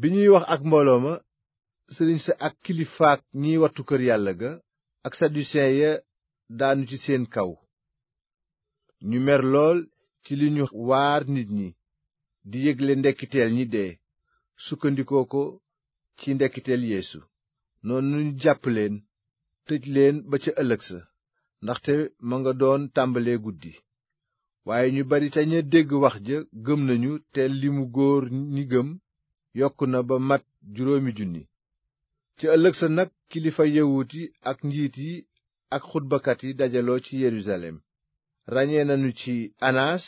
bi ñuy wax ak mbooloo ma sëriñ sa ak kilifaak ñi wattu kër yàlla ga ak saduseyen ya daanu ci seen kaw ñu mer lool ci li ñu waar nit ñi di yégle ndekkiteel ñi dee sukkandikoo ko ci ndekkiteel yéesu noonu ñu jàpp leen tëj leen ba ca ëllëg sa ndaxte ma nga doon tàmbalee guddi waaye ñu bari ca ña dégg wax ja gëm nañu te limu góor ñi gëm yokk na ba mat juróomi junni ci ëllëg sa nag kilifa yawut ak njiit yi ak xutbakat yi dajaloo ci yerusalem ràññee nañu ci anaas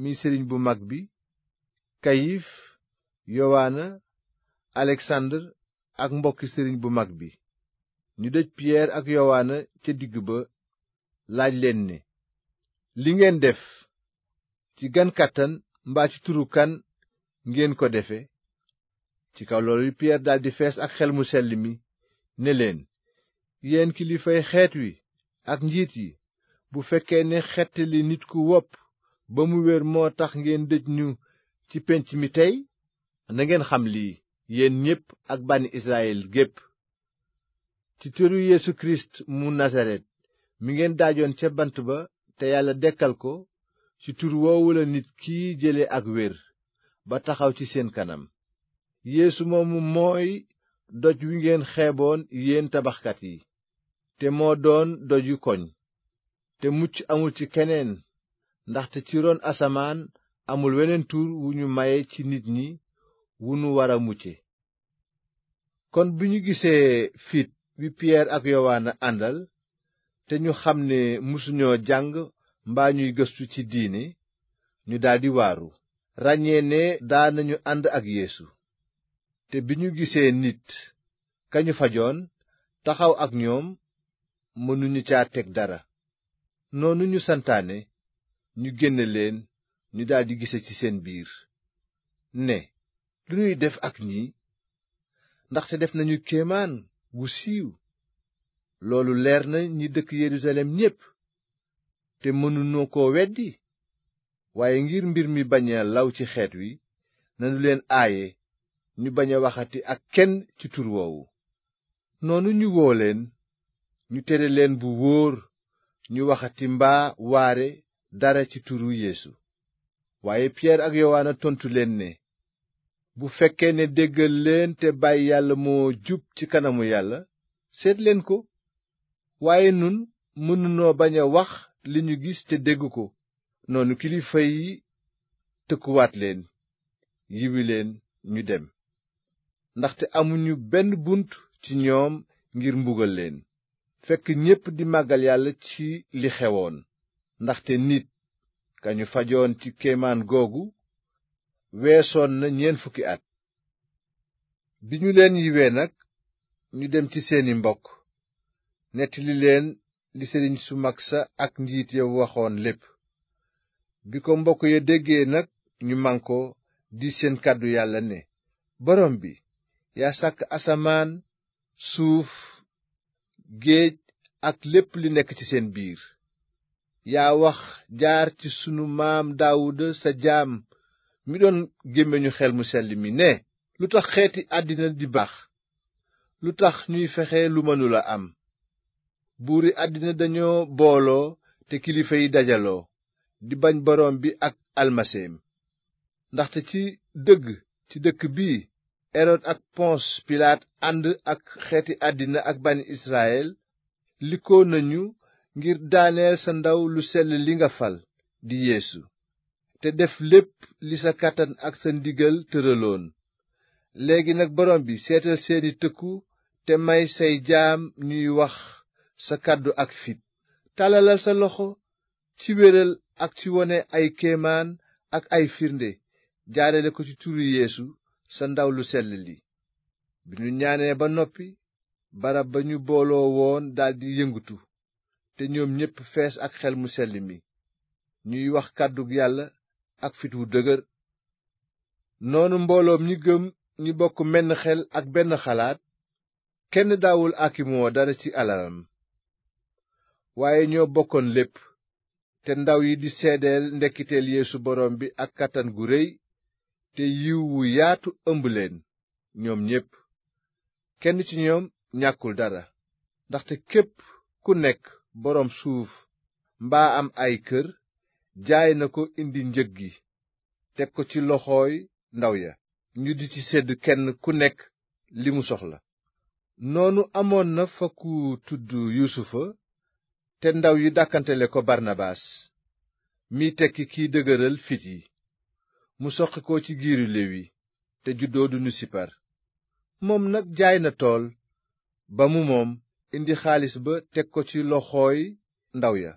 mi sëriñ bu mag bi kayif yowaana aleksandar ak mbokki sëriñ bu mag bi ñu dëj piyeer ak yowaana ca digg ba laaj leen ne li ngeen def ci gankàttan kàttan mbaa ci turu kan ngeen ko defe ci kaw loolu piyeer daldi fees ak xel mu sell mi ne leen yéen kilifay xeet wi ak njiit yi bu fekkee ne xettali nit ku wopp ba mu wér moo tax ngeen dëj ñu ci pénc mi tey na ngeen xam lii yéen ñépp ak bànni Israyil gépp ci turu Yeesu Kirist mu Nasaret mi ngeen daajoon ca bant ba te yàlla dekkal ko ci tur woowu la nit kii jële ak wér ba taxaw ci seen kanam yéesu moomu mooy doj wi ngeen xeeboon yéen tabaxkat yi te moo doon doju koñ te mucc amul ci keneen ndaxte ci ron asamaan amul weneen tur wu ñu maye ci nit ñi wu nu war a mucce kon bi ñu gisee fit bi piyeer ak yowaana àndal te ñu xam ne musuñoo jàng mbaa ñuy gëstu ci diine ñu daldi waaru ràññee ne daanañu ànd ak yéesu te bi ñu gisee nit kañu fajoon taxaw ak ñoom mënuñu ca teg dara noonu ñu santaane ñu génne leen ñu daldi gise ci seen biir ne lu ñuy def ak ñi ndaxte def nañu kéemaan wu siiw loolu leer na ñi dëkk Yerusalem ñépp te mënuñu ko weddi waaye ngir mbir mi bañ law ci xeet wi nanu leen aaye ñu bañ waxati ak kenn ci tur woowu noonu ñu woo leen ñu tere leen bu wóor ñu waxati mbaa waare dara ci turu Yeesu waaye Piyeer ak Yowaana tontu leen ne bu fekkee ne déggal leen te bàyyi yàlla moo jub ci kanamu yàlla seet leen ko waaye nun mënunoo bañ a wax li ñu gis te dégg ko noonu kilifa yi tëkkuwaat leen yiwi leen ñu dem ndaxte amuñu benn bunt ci ñoom ngir mbugal leen fekk ñépp di màggal yàlla ci li xewoon ndaxte nit kañu fajoon ci kéemaan googu weesoon na ñeent fukki at bi ñu leen yiwee nag ñu dem ci seeni mbokk nettali leen li sëriñ su mag sa ak njiit ya waxoon lépp bi ko mbokk ya déggee nag ñu mànkoo di seen kàddu yàlla ne borom bi yaa sàkk asamaan suuf géej ak lépp li nekk ci seen biir yaa wax jaar ci sunu maam Daawuda sa jaam mi doon gémmiñu xel mu sell mi ne lu tax xeeti àddina di baax lu tax ñuy fexe lu mënula am buur buuri àddina dañoo booloo te kilifa yi dajaloo di bañ boroom bi ak almaseem ndaxte ci dëgg ci dëkk bii erod ak ponse pilaat ànd ak xeeti àddina ak bani israyil likkoon nañu ngir daaneel sa ndaw lu sell li nga fal di yéesu te def lépp li sa kàttan ak sa ndigal tëraloon léegi nag borom bi seetal seeni tëkku te may say jaam ñuy wax sa kàddu ak fit tàllalal sa loxo ci wéral ak ci wone ay kéemaan ak ay firnde jaarale ko ci turu yeesu sa ndaw lu sell li bi ñu ñaanee ba noppi barab ba ñu booloo woon daldi yëngutu te ñoom ñépp fees ak xel mu sell mi ñuy wax kàddu yàlla ak fit wu dëgër noonu mbooloom ñi gëm ñi bokk menn xel ak benn xalaat kenn daawul akimoo dara ci alalam waaye ñoo bokkoon lépp te ndaw yi di seedeel ndekkiteel yéesu borom bi ak kàttan gu réy te yiw wu yaatu ëmb leen ñoom ñépp kenn ci ñoom ñàkkul dara ndaxte képp ku nekk boroom suuf mbaa am ay kër jaay na ko indi njëg gi teg ko ci loxooy ndaw ya ñu di ci sedd kenn ku nekk li mu soxla noonu amoon na fa ku tudd yuusufa te ndaw yi dàkkantele ko barnabaas mi tekk kiy dëgëral fit yi mu soqi ko ci giiru léwi te juddoo dunu sipar moom nag jaay na tool ba mu moom indi xaalis ba teg ko ci loxooy ndaw ya